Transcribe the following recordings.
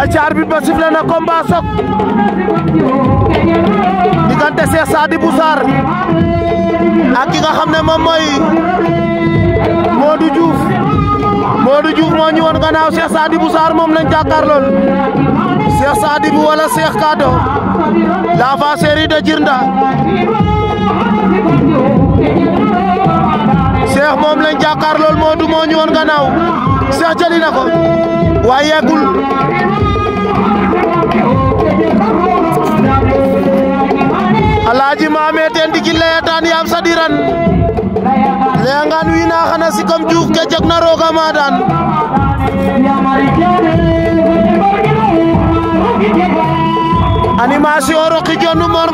ayca arbitre ba sifflé na combat Sokh diggante Cheikh Sadibou Sarr ak ki nga xam ne moom mooy Modou Diouf Modou Diouf moo ñu woon gannaaw Cheikh Sadibou Sarr moom lañ jàkkaarlool Cheikh Sadibou wala Cheikh Kado l'enfant chéri de Djirnda Cheikh moom lañ jàkkaarlool Modou moo ñu woon gannaaw Cheikh jëli ko waaye yeggul mame ten Roqi Dione Mor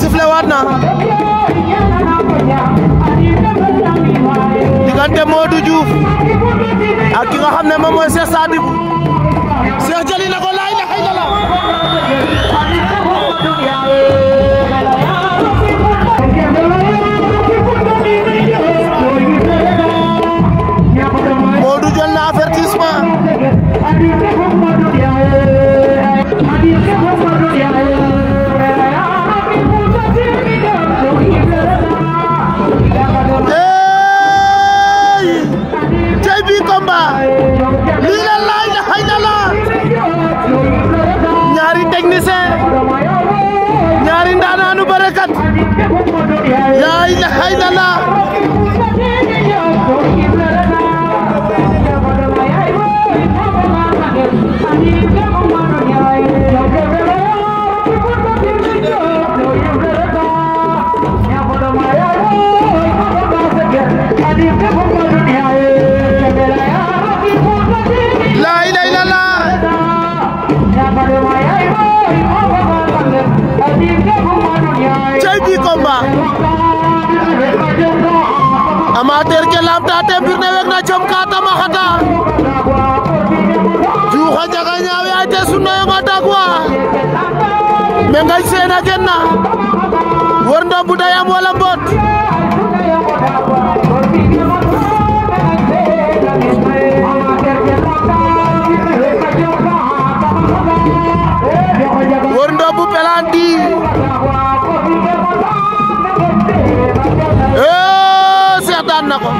sifle waat na diggante Modou Diouf ak ki nga xam ne moom mooy Cheikh Sadibou Cheikh jëli na ko laay na يا أين حين أنا amateur ke lamtate mbirne weg na jom ka tama xata juuxa njaga ñaawe a te sunoyonga dakwa me ngay seena gen na wor ndo budayam mbot wor ndo bu pelanti daan na ko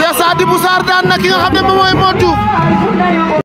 Cheikh Sadibou Sarr daan na ki nga xam ne mooy Modou Diouf